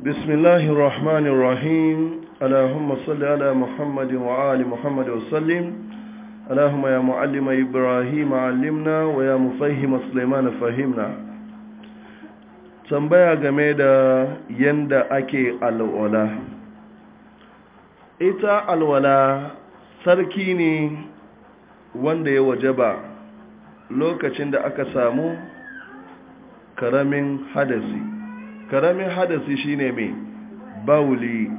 بسم الله الرحمن الرحيم اللهم صل على محمد وعلى محمد وسلم اللهم يا معلم إبراهيم علمنا ويا مفهم سليمان فهمنا تنبيا game da yanda ake alwala ita alwala sarki ne wanda ya wajaba lokacin da aka samu karamin hadasi karamin hadasi shine mai bauli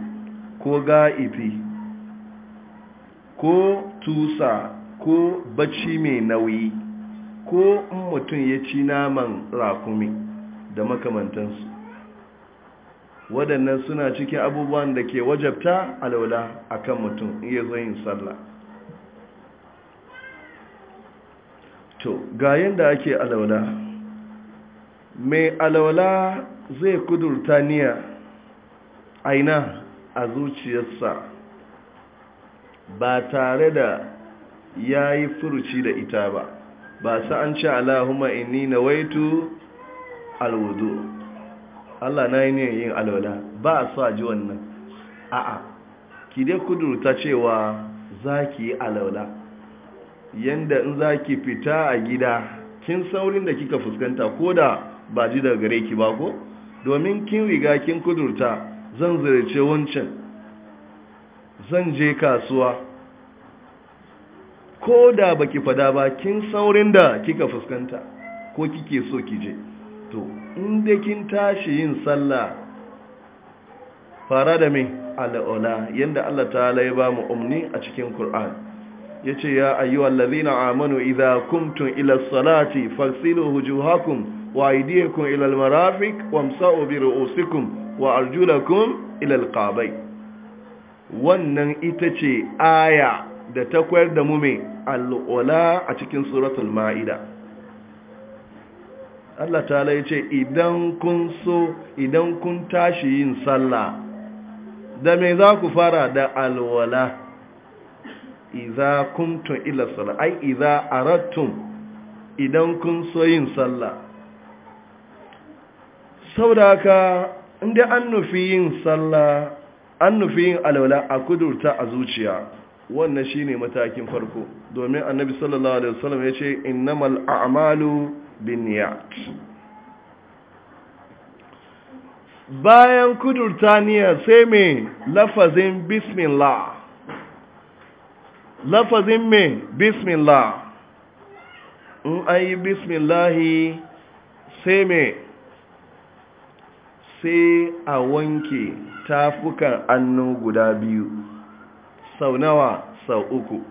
ko ga'ifi ko tusa ko bacci mai nauyi ko mutum ya ci naman rakumi da makamantansu waɗannan suna cikin abubuwan da ke wajabta alaula a kan mutum iya zoyin sallah to ga yadda ake alaula mai alawala zai kudurta niya aina a zuciyarsa ba tare da ya yi furuci da ita ba ba sa an ce Allahumma inni na waitu alwudu Allah na yi niyan yin alwala ba a sa ji wannan a'a ki dai kudurta cewa za ki yi alwala yanda in za ki fita a gida kin saurin da kika fuskanta ko da ba ji daga gare ki ba ko domin kin riga kin kudurta zan zirce wancan zan je kasuwa ko da baki fada ba kin saurin da kika fuskanta ko kike so ki je to in da kin tashi yin sallah fara da mai al'ula yadda Allah ta halaye ba mu umni a cikin Kur'an ya ce ya ayyuwa lalzina amanu idha kumtun ila salati farsilu hujuhakum وايديكم الى المرافق وامسأوا برؤوسكم وارجلكم الى القابين wannan ita ce aya da ta koyar da mu mai al'ula a cikin suratul ma'ida Allah ta ya ce idan kun so idan kun tashi yin sallah da me za ku fara da alwala iza kuntum ila sallah ai iza arattum idan kun so yin sallah saboda haka inda an nufi yin sallah an nufi yin alwala a kudurta a zuciya wannan shi ne matakin farko domin annabi sallallahu alaihi wasallam ya ce innamal a'malu binniyat bayan kudurta niyya sai me lafazin bismillah lafazin me bismillah in ayi bismillahi sai me sai a wanke tafukan annu guda biyu sau nawa sau uku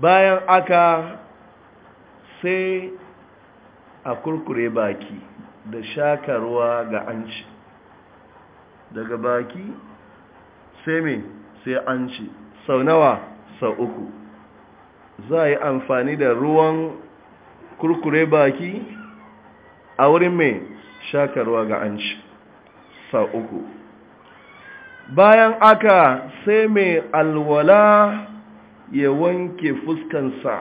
bayan aka sai a kurkure baki da shakarwa ga anci daga baki sai me sai anci sau nawa sau uku za a yi amfani da ruwan kurkure baki a wurin mai shakarwa ga an ci sa uku bayan aka sai mai alwala ya wanke fuskansa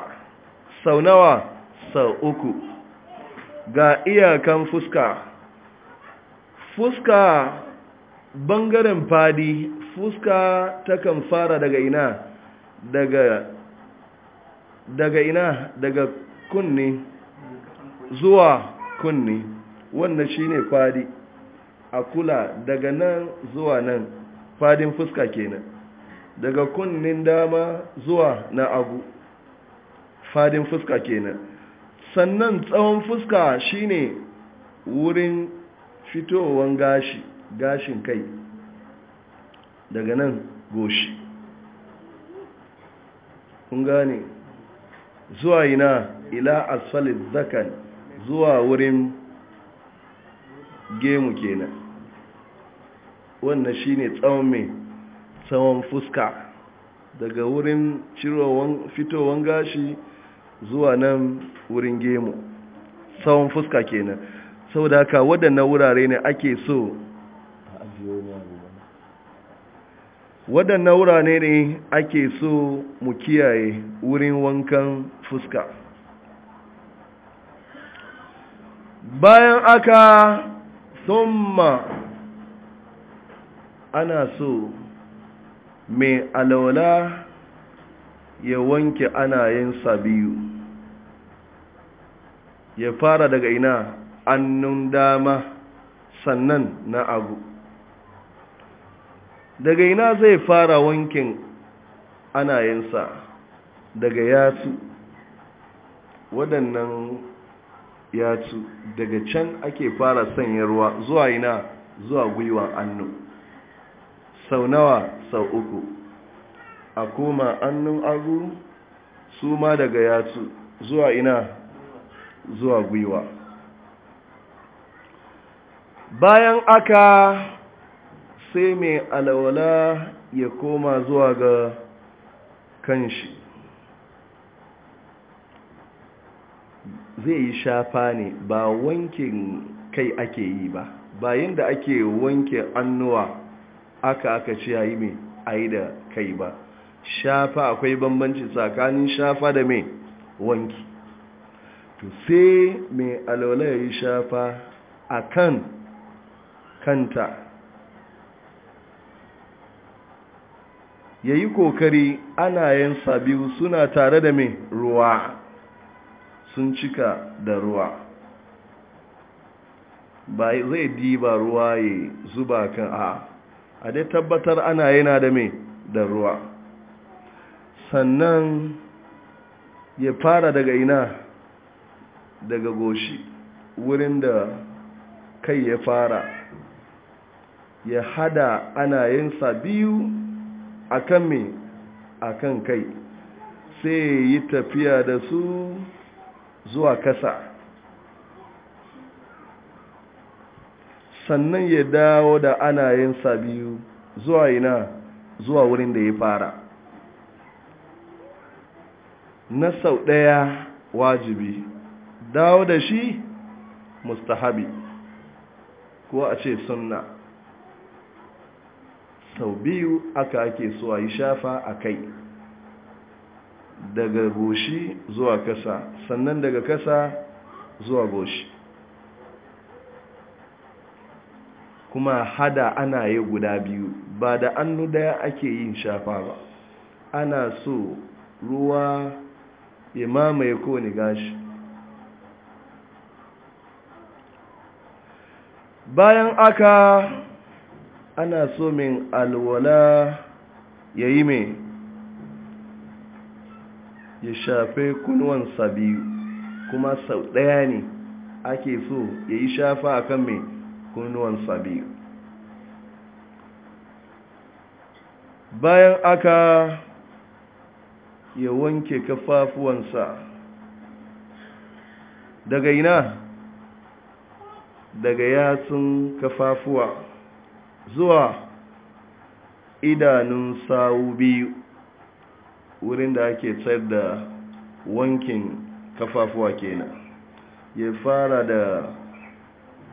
sau nawa sau uku ga iyakan fuska fuska bangaren fadi fuska takan fara daga ina daga daga ina daga kunni zuwa kunni wannan shine fadi a kula daga nan zuwa nan fadin fuska kenan daga kunnin dama zuwa na abu fadin fuska kenan sannan tsawon fuska shine wurin fitowan gashi gashin kai daga nan goshi kun gane zuwa ina ila asfalin zakan zuwa wurin gemu kenan wannan shine tsawon mai tsawon fuska daga wurin fitowan gashi zuwa nan wurin gemu tsawon fuska kenan saboda haka waɗannan wurare ne ake so waɗannan wurare ne ake so mu kiyaye wurin wankan fuska bayan aka summa ana so mai alaula ya wanke anayensa biyu ya fara daga ina annun dama sannan na abu, daga ina zai fara wankin anayensa daga yatsu waɗannan ya ci daga can ake fara sanya ruwa zuwa ina zuwa gwiwan annu sau nawa sau uku a koma annun agu su ma daga yatsu zuwa ina zuwa gwiwa bayan aka sai mai alawala ya koma zuwa ga kanshi zai yi shafa ne ba wankin kai ake yi ba bayan da ake wanke annuwa aka aka ce yayi mai ayi da kai ba shafa akwai bambanci tsakanin shafa da mai wanki to sai mai alwala yi shafa a kan kanta Ya yi kokari ana yin sabi suna tare da mai ruwa sun cika da ruwa ba zai diba ruwa ya zuba kan a a dai tabbatar ana yana da mai da ruwa sannan ya fara daga ina daga goshi wurin da kai ya fara ya hada ana yinsa biyu kan mai kan kai sai yi tafiya da su zuwa kasa sannan ya dawo da ana anayensa biyu zuwa ina zuwa wurin da ya fara na sau ɗaya wajibi dawo da shi mustahabi ko a ce sunna sau biyu aka ake so a yi shafa a kai daga goshi zuwa kasa sannan daga kasa zuwa goshi kuma hada ana yi guda biyu ba da annu daya ake yin shafa ba ana so ruwa ya mamaye ni gashi bayan aka ana so min alwala ya yi mai ya shafe sa biyu kuma sau ɗaya ne ake so ya yi shafa a kan mai sa biyu bayan aka ya wanke kafafuwansa daga ina daga yatsun kafafuwa zuwa idanun sawu biyu wurin da ake tsar da wankin kafafuwa kenan ya fara da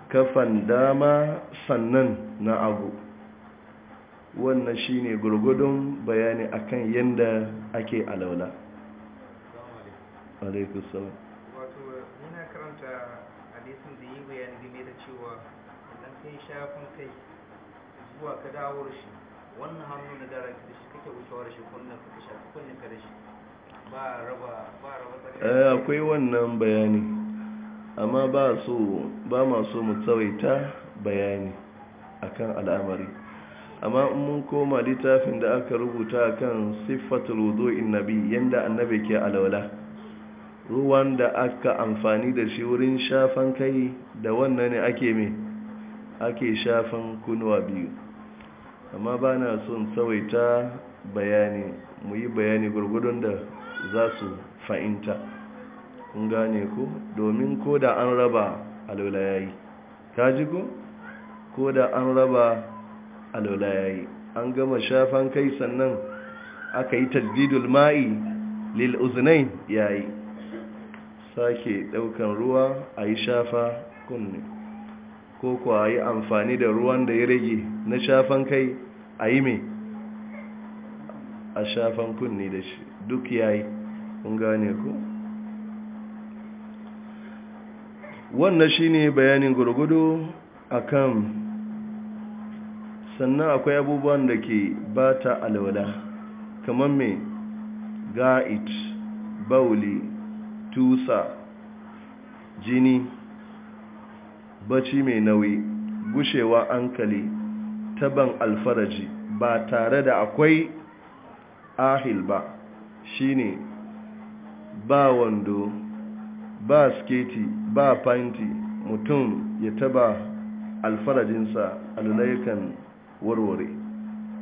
kafan dama sannan na abu wannan shine gurgudun bayani akan yadda ake alaula wato karanta cewa ka shi wannan hannu na dara da shi kake wucewar shi kunna ka shafi kunna ka da shi ba raba ba raba tsakanin eh akwai wannan bayani amma ba so ba ma so mu tsawaita bayani akan al'amari amma in mun koma littafin da aka rubuta akan siffatul wudu'in nabi yanda annabi ke alwala ruwan da aka amfani da shi wurin shafan kai da wannan ne ake me ake shafan kunuwa biyu amma ba na son tsawaita bayani mu yi bayani gurgudun da za su fa'inta kun gane ku domin ko da an raba alwala ta ji ku ko da an raba alwala an gama shafan kai sannan aka yi tajdidul ma'i lil uzunai ya yi sake daukan ruwa a yi shafa kunne ko kuwa yi amfani da ruwan da ya rage na shafan kai a yi mai a shafan kunni da shi duk yayi kun gane ku wannan ne bayanin gurgudu kan? sannan akwai abubuwan da ke ba ta alwada? kamar mai ga'it bauli tusa jini bacci mai nauyi gushewa ankali taban alfaraji ba tare da akwai ahil ba shine ba wando ba sketi ba fanti mutum ya taba alfarajinsa alulayukan warware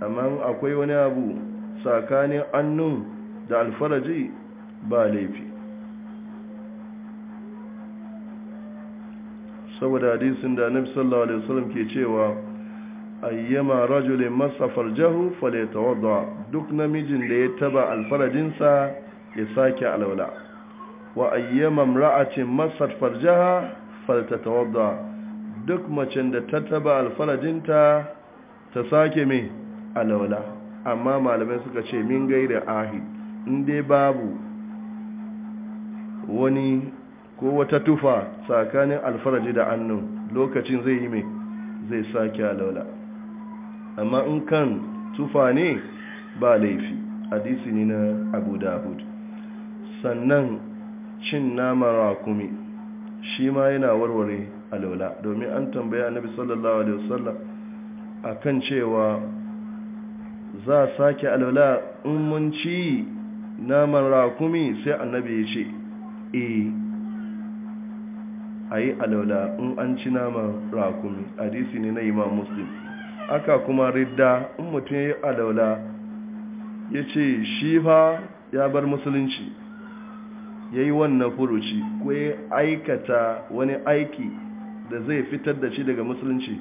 amma akwai wani abu tsakanin annun da alfaraji ba laifi saboda hadisin da na sallallahu alaihi wasallam ke cewa ayyama rajulin masa farjahu faleta wadda duk namijin da ya taba alfarajinsa ya sake alaula wa ayyama ra'acin masa farjaha faleta wadda duk macin da ta taba alfarajinta ta sake mai alaula amma malamai suka ce min gaira ahi inda babu wani ko wata tufa tsakanin alfaraji da annu lokacin zai yi mai zai sake alaula amma in kan tufa ne ba laifi hadisi ne na abu dawud sannan cin naman rakumi shi ma yana warware alaula domin an tambaya na sallallahu alaihi wasallam kan cewa za a sake alaula in mun ci naman rakumi sai annabi ya ce e a yi alaula in an ci naman rakumi hadisi ne na imam muslim aka kuma ridda in mutum ya yi alaula ya ce shi fa ya bar musulunci ya yi wannan furuci ko ya aikata wani aiki da zai fitar da shi daga musulunci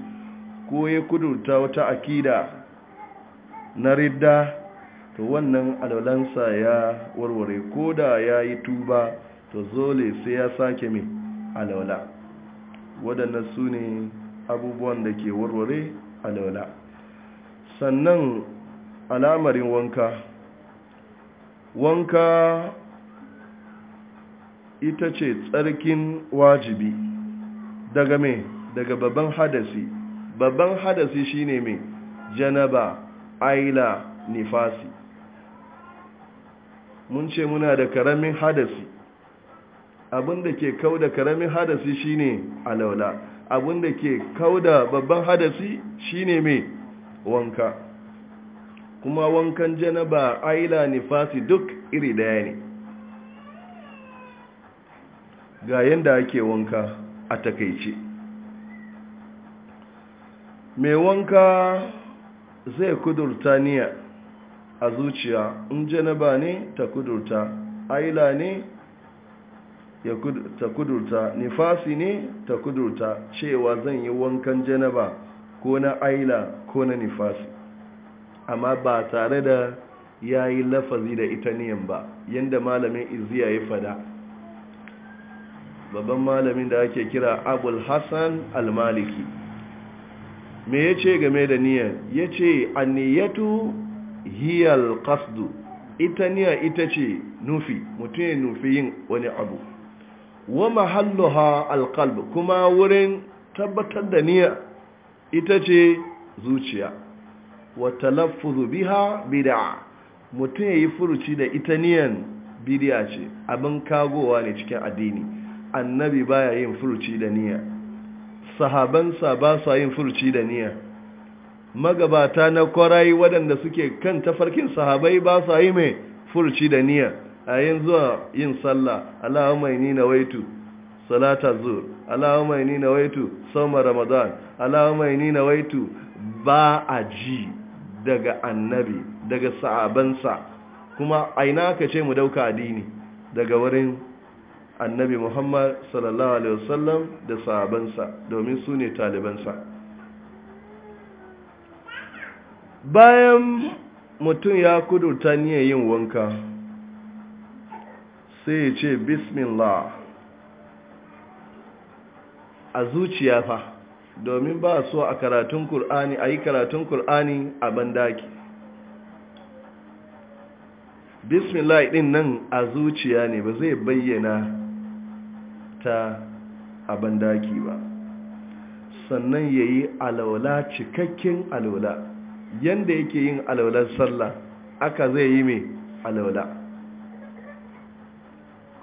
ko ya kudurta wata akida na ridda to wannan alaulansa ya warware ko da ya yi tuba to zole sai ya sake mai alaula waɗannan su ne abubuwan da ke warware alola sannan alamarin wanka wanka ita ce tsarkin wajibi daga me daga babban hadasi babban hadasi shine me janaba aila nifasi mun ce muna da karamin hadasi abinda ke kau da karamin hadasi shine alaula abin da ke kauda babban hadasi shine mai wanka kuma wankan janaba aila nifasi duk iri daya ne ga yadda ake wanka a takaice mai wanka zai kudurta niyya a zuciya in janaba ne ta kudurta aila ne ta kudurta nifasi ne ta kudurta cewa zan yi wankan janaba ko na aila ko na nifasi amma ba tare da ya yi lafazi da ita niyan ba yadda malamin iziya ya fada babban malamin da ake kira abul hassan almaliki me ya ce game da niyan ya ce aniyatu hiyal kasdu ita niya ita ce nufi mutum ya nufi yin wani abu wa mahalluha alqalb kuma wurin tabbatar da niyya ita ce zuciya wa talaffuzu biha bid'a mutum yayi furuci da ita niyan bid'a ce abin kagowa ne cikin addini annabi baya yin furuci da niyya sahabansa ba sa yin furuci da niyya magabata na kwarai waɗanda suke kan tafarkin sahabai ba sa yi mai furuci da niyya a yin zuwa yin sallah allahumma inni nawaitu salata zuhr allahumma inni nawaitu sawma ramadan allahumma inni nawaitu ba a ji daga annabi daga sahabansa kuma aina kace ce mu dauka addini daga wurin annabi muhammad sallallahu alaihi wasallam da sahabansa domin su ne talibansa bayan mutum ya kudurta niyan yin wanka sai ya ce bismillah a zuciya fa domin ba so a karatun Kur'ani a yi karatun Kur'ani a bandaki bismillah ɗin nan a zuciya ne ba zai bayyana ta a bandaki ba sannan ya yi alaula cikakken alaula yadda yake yin alaular sallah aka zai yi mai alaula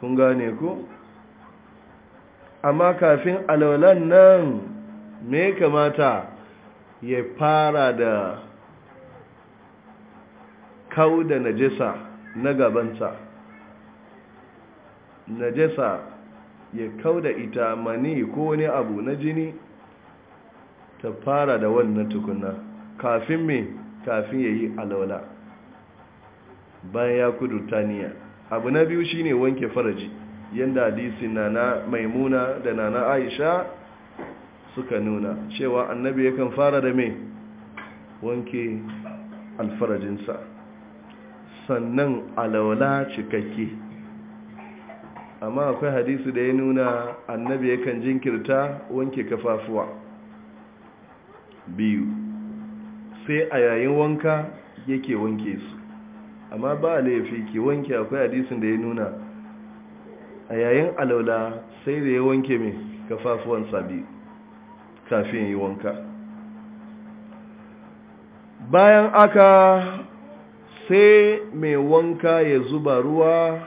kun gane ku amma kafin alwalan nan me kamata ya fara da kawo da najisa na gabanta najisa ya kawo da ita mani ko wani abu na jini ta fara da wannan tukunna? kafin me kafin ya yi alwala bayan ya kudu taniya abu na biyu shine wanke faraji yadda hadisin nana maimuna da nana aisha suka nuna cewa annabi yakan fara da mai wanke alfarajinsa sannan alawala cikakke amma akwai hadisi da ya nuna annabi yakan jinkirta wanke kafafuwa biyu sai a yayin wanka yake wanke su amma ba laifi ki wanke akwai hadisin da ya nuna a yayin alaula sai da ya wanke mai kafafuwan sabi kafin yi wanka bayan aka sai mai wanka ya zuba ruwa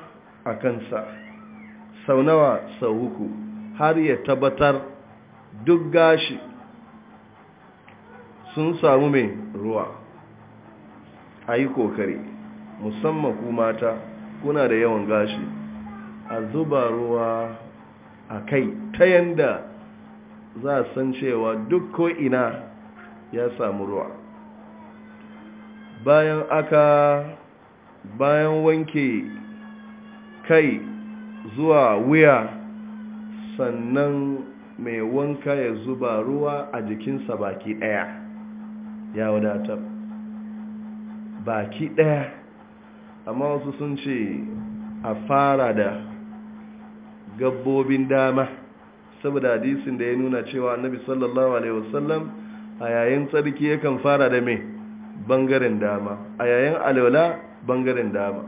a kansa sau nawa sau uku har ya tabbatar duk gashi sun samu mai ruwa a yi kokari musamman ku mata kuna da yawan gashi a zuba ruwa a kai ta yanda za a san cewa duk ko ina ya samu ruwa bayan aka bayan wanke kai zuwa wuya sannan mai wanka ya zuba ruwa a jikinsa baki daya ya wadatar baki daya amma wasu sun ce a fara da gabbobin dama saboda hadisin da ya nuna cewa annabi sallallahu alaihi wasallam a yayin tsarki yakan fara da mai bangaren dama a yayin alwala bangaren dama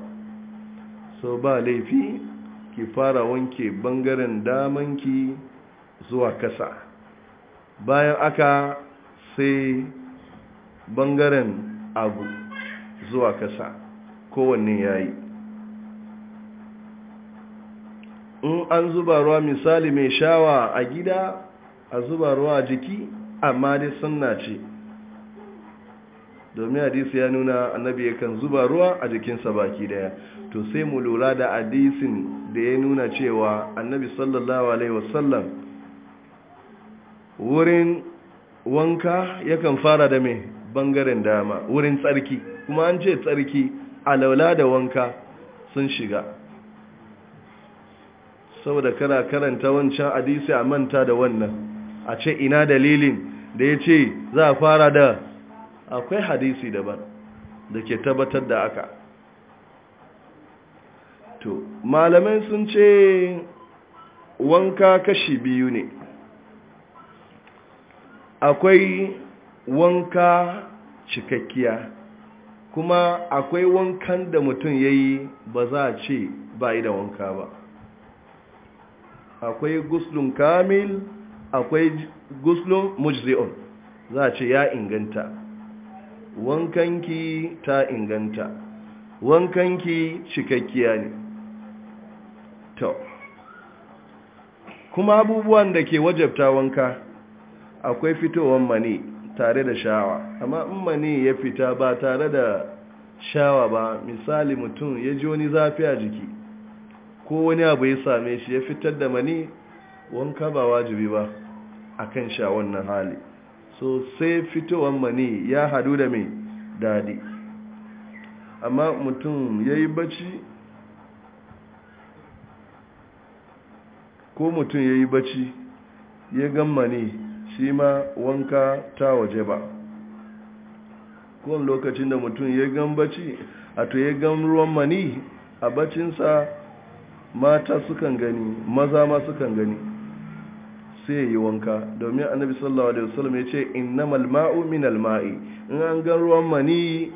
so ba laifi ki fara wanke bangaren damanki zuwa kasa bayan aka sai bangaren abu zuwa kasa kowanne ya yi in an zuba ruwa misali mai shawa a gida a zuba ruwa jiki amma dai sunna ce domin hadisi ya nuna annabi yakan zuba ruwa a jikinsa baki daya to sai mu lura da hadisin da ya nuna cewa annabi sallallahu alaihi wasallam wurin wanka yakan fara da mai bangaren dama wurin tsarki kuma an ce tsarki alaula da wanka sun shiga saboda kana karanta wancan hadisi a manta da wannan a ce ina dalilin da ya ce za a fara da akwai hadisi daban da ke tabbatar da aka to malamai sun ce wanka kashi biyu ne akwai wanka cikakkiya kuma akwai wankan da mutum ya yi ba za a ce ba da wanka ba akwai guslun kamil akwai guslun mujzi'un za a ce ya inganta wankanki ta inganta wankanki cikakkiya ne to kuma abubuwan da ke wajabta wanka akwai fitowar mani tare da shawa amma in mani ya fita ba tare da shawa ba misali mutum ya ji wani zafi a jiki ko wani abu ya same shi ya fitar da mani wanka ba wajibi ba a kan sha wannan hali so sai fitowar mani ya hadu da mai dadi amma mutum ya yi bacci ko mutum ya yi bacci ya gan mani shi ma wanka ta waje ba kun lokacin da mutum ya gambaci a to ya gam ruwan mani a bacinsa mata sukan gani maza ma sukan gani sai ya yi wanka domin annabi sallallahu alaihi wasallam ya ce innamal ma'u minal ma'i in an gan ruwan mani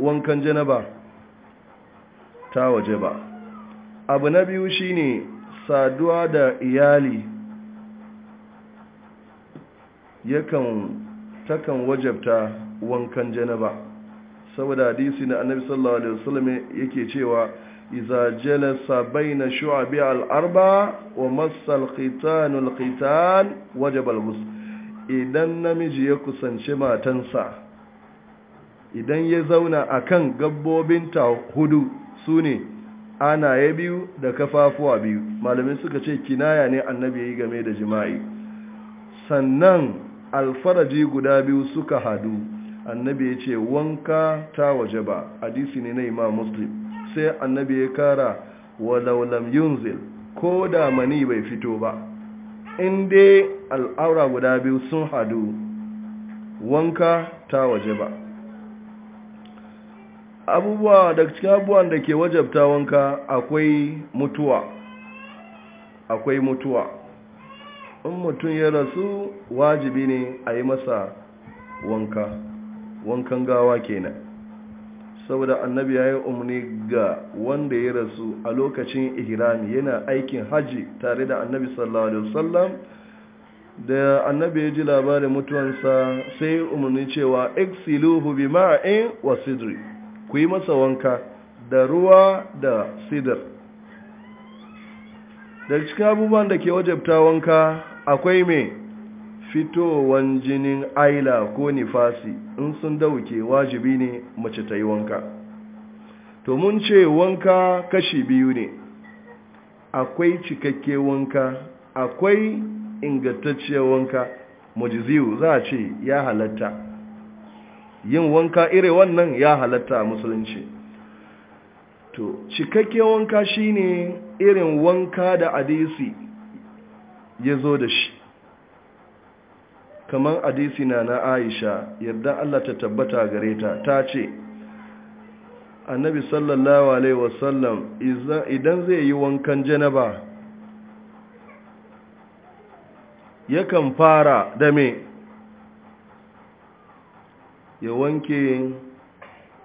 wankan janaba ta waje ba abu na biyu shine saduwa da iyali yakan takan wajabta wankan janaba saboda hadisi na annabi sallallahu alaihi wasallam yake cewa idza jalasa baina shu'abi al-arba wa massa qitan al-qitan wajaba al-ghusl idan namiji ya kusance matansa idan ya zauna akan gabbobin ta hudu sune ana ya biyu da kafafuwa biyu malamai suka ce kinaya ne annabi yayi game da jima'i sannan alfaraji guda biyu suka hadu annabi ya ce wanka ta waje ba hadisi ne na imam muslim sai annabi ya kara walaulam yunzil ko da mani bai fito ba in dai al'aura guda biyu sun hadu wanka ta waje ba abubuwa daga cikin abubuwan da ke wajabta wanka akwai mutuwa akwai mutuwa in mutum ya rasu wajibi ne a yi masa wanka wankan gawa kenan saboda annabi ya yi umarni ga wanda ya rasu a lokacin ihrami yana aikin haji tare da annabi sallallahu alaihi wasallam da annabi ya ji labarin mutuwansa sai umarni cewa exiluhu bi ma'in wa sidri ku yi masa wanka da ruwa da sidr daga cikin abubuwan da ke wajabta wanka akwai mai fitowan jinin aila ko nifasi in sun dauke wajibi ne mace ta yi wanka to mun ce wanka kashi biyu ne akwai cikakke wanka akwai ingantacciyar wanka mujiziyu za a ce ya halatta yin wanka ire wannan ya halatta musulunci to cikakke wanka shine irin wanka da adisi ya zo da shi kamar Adisi na aisha yadda allah ta tabbata gare ta ta ce annabi sallallahu alaihi wasallam idan zai yi wankan janaba yakan fara da me ya wanke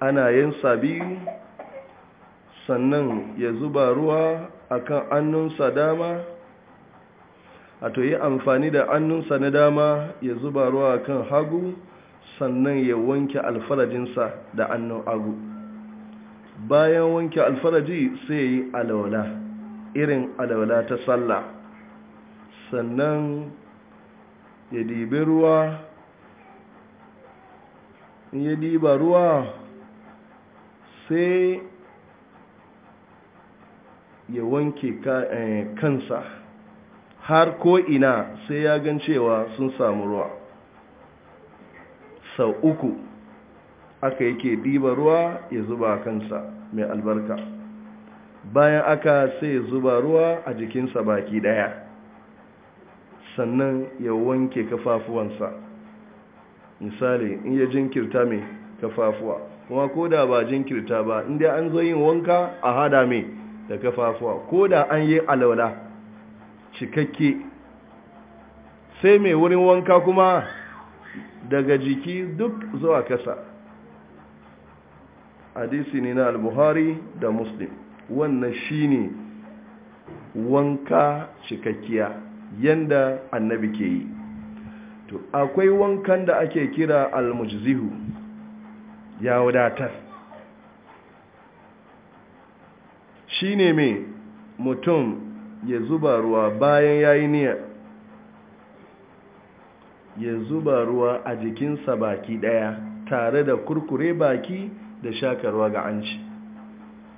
ana yin sabi sannan ya zuba ruwa akan annunsa dama a to yi amfani da annunsa na dama ya zuba ruwa kan hagu sannan ya wanke alfarajinsa da annun hagu bayan wanke alfaraji sai ya yi alawala irin alawala ta sallah sannan ya dibi ruwa ya diba ruwa sai ya wanke eh, kansa har ko ina sai ya gan cewa sun samu ruwa sau uku aka yake diba ruwa ya zuba kansa mai albarka bayan aka sai ya zuba ruwa a jikinsa baki daya sannan ya wanke kafafuwansa misali in ya jinkirta mai kafafuwa kuma ko da ba jinkirta ba inda an zo yin wanka a hada mai da kafafuwa ko da an yi alaula cikakke sai mai wurin wanka kuma daga jiki duk zuwa kasa hadisi ne na al-buhari da muslim wannan shine wanka cikakkiya yanda annabi ke yi to akwai wankan da ake kira al-mujzihu ya wadatar shine mai mutum ya zuba ruwa bayan ya yi niyar ya zuba ruwa a jikinsa baki daya tare da kurkure baki da shakarwa ga ci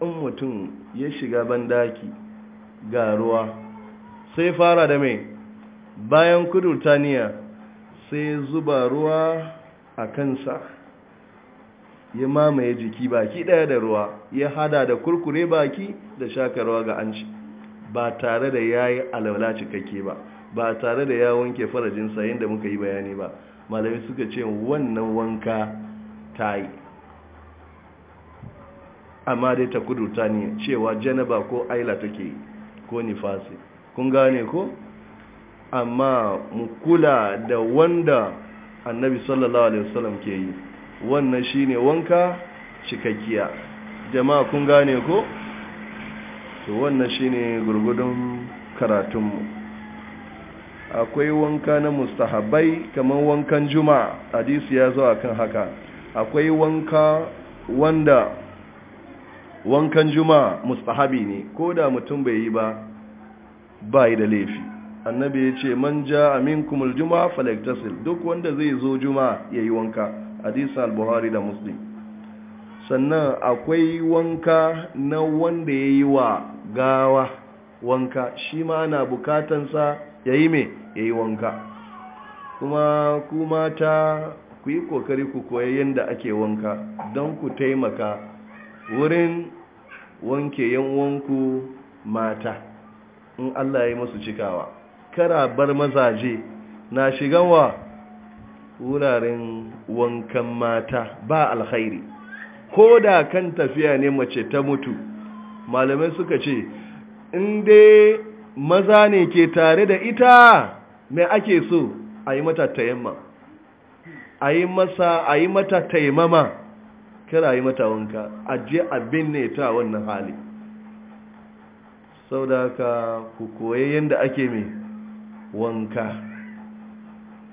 in mutum ya shiga bandaki ga ruwa sai fara da mai bayan kudurta niyya sai zuba ruwa a kansa ya mamaye jiki baki daya da ruwa ya hada da kurkure baki da shakarwa ga ci. ba tare da ya yi alwala cikakke ba ba tare da ya wanke farajinsa yadda muka yi bayani ba malami suka ce wannan wanka ta yi amma dai ta kudu ta ne cewa janaba ko aila take ko nifasi kun gane ko amma mu kula da wanda annabi sallallahu alaihi wasallam ke yi wannan shine wanka cikakkiya jama'a kun gane ko to wannan shine gurgudun karatunmu akwai wanka na mustahabai kamar wankan juma'a hadisi ya zo akan haka akwai wanka wanda wankan juma'a mustahabi ne ko da mutum bai yi ba bai da laifi annabi ya ce man ja aminkumul juma'a falaktasil duk wanda zai zo juma'a yayi wanka hadisi al-buhari da muslim sannan akwai wanka na wanda ya yi wa gawa wanka shi ma na bukatansa ya yi mai ya yi wanka kuma kuma ta ku yi kokari ku koya yadda ake wanka don ku taimaka wurin wanke yan wanku mata in Allah ya masu cikawa kara bar mazaje na shigawa wuraren wankan mata ba alkhairi ko da kan tafiya ne mace ta mutu malamai suka ce in dai maza ne ke tare da ita mai ake so a yi mata tayamma a yi masa a yi mata taimama kira yi mata wanka a je abin ne ta wannan hali sau da ka ku koyi yadda ake mai wanka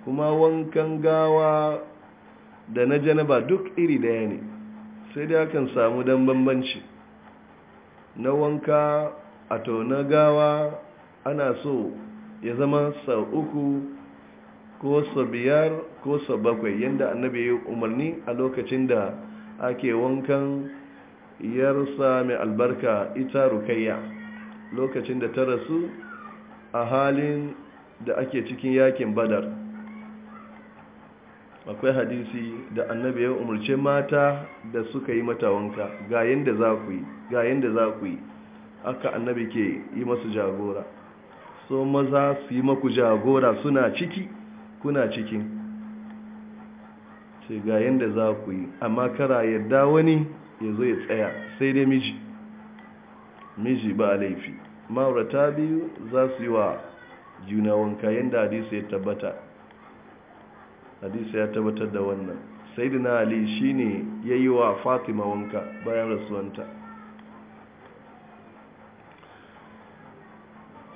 kuma wankan gawa da na janaba duk iri daya ne sai dai akan samu dan bambanci na wanka a na gawa ana so ya zama sau uku ko sau biyar ko sau bakwai yadda annabi ya umarni a lokacin da ake wankan yarsa mai albarka ita rukayya lokacin da ta rasu a halin da ake cikin yakin badar akwai hadisi da annabi ya umarce mata da suka yi mata wanka ga yadda za ku yi ga yadda za ku yi aka annabi ke yi masu jagora so maza su yi maku jagora suna ciki kuna cikin ce ga yadda za ku yi amma kara yadda wani ya zo ya tsaya sai dai miji miji ba laifi ma'aurata biyu za su yi wa juna wanka yadda hadisi ya tabbata hadisi ya tabbatar da wannan sayyidina ali shine yayi wa fatima wanka bayan rasuwanta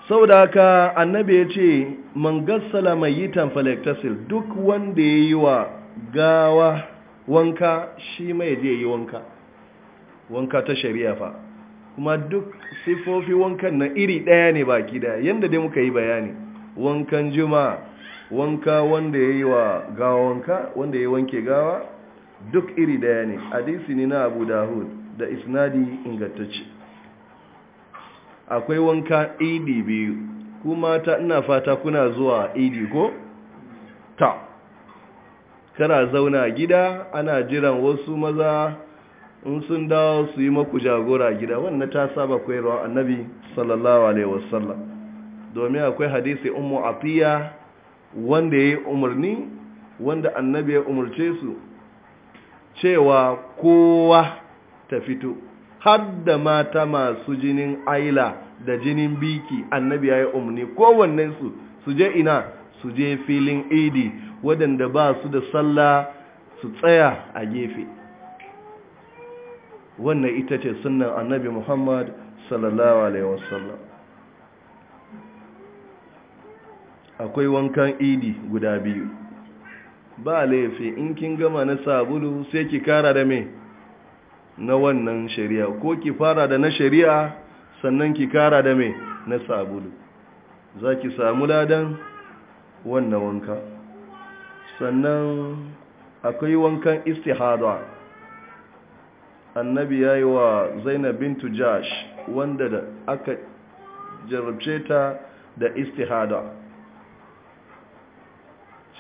saboda haka annabi ya ce man gassala mayitan falaktasil duk wanda ya yi wa gawa wanka shi mai je yi wanka wanka ta shari'a fa kuma duk sifofi wankan na iri ɗaya ne baki da yadda dai muka yi bayani wankan juma'a wanka wanda ya yi wa gawanka wanda ya wanke gawa duk iri daya ne hadisi ne na abu dahud da isnadi ingantacce akwai wanka idi biyu kuma ta ina fata kuna zuwa idi ko ta kana zauna gida ana jiran wasu maza in sun dawo su yi maku jagora gida wannan ta saba kwayarwa annabi sallallahu alaihi wasallam domin akwai hadisi ummu atiya wanda ya yi umarni wanda annabi ya umarce su cewa kowa ta fito har da mata masu jinin aila da jinin biki annabi ya yi umarni kowanne su je ina su je filin idi waɗanda ba su da sallah su tsaya a gefe wannan ita ce sunan annabi muhammad sallallahu alaihi wasallam akwai wankan idi guda biyu ba laifi in kin gama na sabulu sai ki kara da me na wannan shari'a ko ki fara da na shari'a sannan ki kara da me na sabulu za ki samu ladan wannan wanka sannan akwai wankan istihada annabi ya yi wa zainab bintu jash wanda da aka jarabce ta da istihada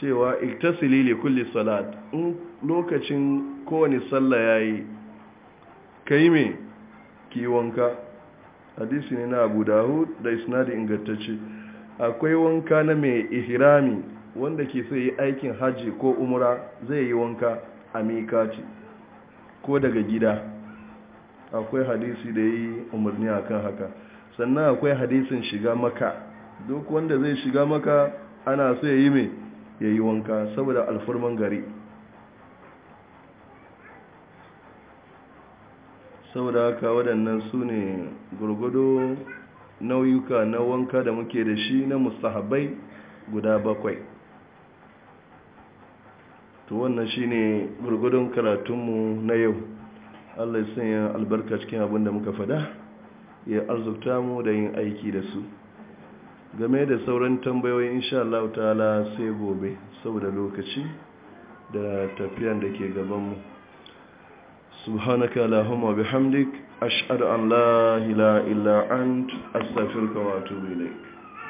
cewa iktasili li kulli salat in lokacin kowane sallah yayi kai me ki wanka hadisi ne na Abu Dawud da isnadi ingantacce akwai wanka na mai ihrami wanda ke sai aikin haji ko umra zai yi wanka a mikati ko daga gida akwai hadisi da yi umarni akan haka sannan akwai hadisin shiga maka duk wanda zai shiga maka ana so ya yi mai ya yi wanka saboda alfurman gari saboda haka waɗannan su ne gurgudu nauyuka na wanka da muke da shi na musahabai guda bakwai to wannan shi ne gurgudun karatunmu na yau allah ya sanya albarka cikin abin da muka fada ya arzuta mu da yin aiki da su game da sauran tambayoyi insha Allah ta'ala sai gobe saboda lokaci da tafiyan da ke gabanmu subhanaka allahumma bihamdik ashhadu an la ilaha illa ant astaghfiruka wa atubu ilayk